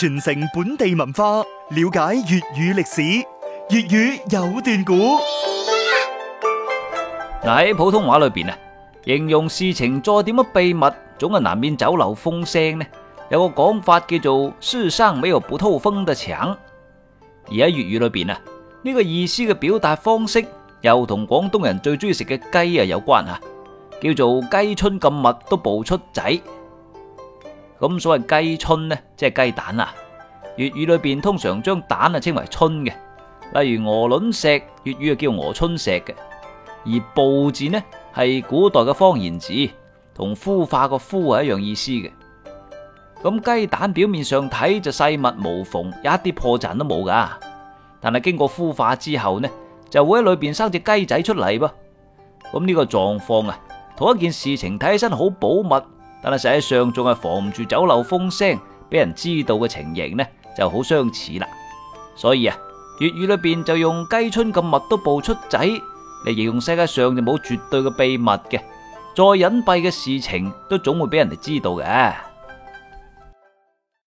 傳承本地文化，了解粵語歷史，粵語有段古。喺 普通話裏邊啊，形容事情再點乜秘密，總係難免走漏風聲呢？有個講法叫做“世上沒有不透風的牆”，而喺粵語裏邊啊，呢、這個意思嘅表達方式又同廣東人最中意食嘅雞啊有關啊，叫做“雞春咁密都菢出仔”。咁所謂雞春呢，即係雞蛋啦。粵語裏邊通常將蛋啊稱為春嘅，例如鵝卵石，粵語啊叫鵝春石嘅。而“菢”字呢，係古代嘅方言字，同孵化個“孵”係一樣意思嘅。咁雞蛋表面上睇就細密無縫，有一啲破綻都冇噶。但係經過孵化之後呢，就會喺裏邊生隻雞仔出嚟噃。咁呢個狀況啊，同一件事情睇起身好保密。但係實際上仲係防唔住洩漏風聲俾人知道嘅情形呢，就好相似啦。所以啊，粵語裏邊就用雞春咁密都菢出仔嚟形容世界上就冇絕對嘅秘密嘅，再隱蔽嘅事情都總會俾人哋知道嘅。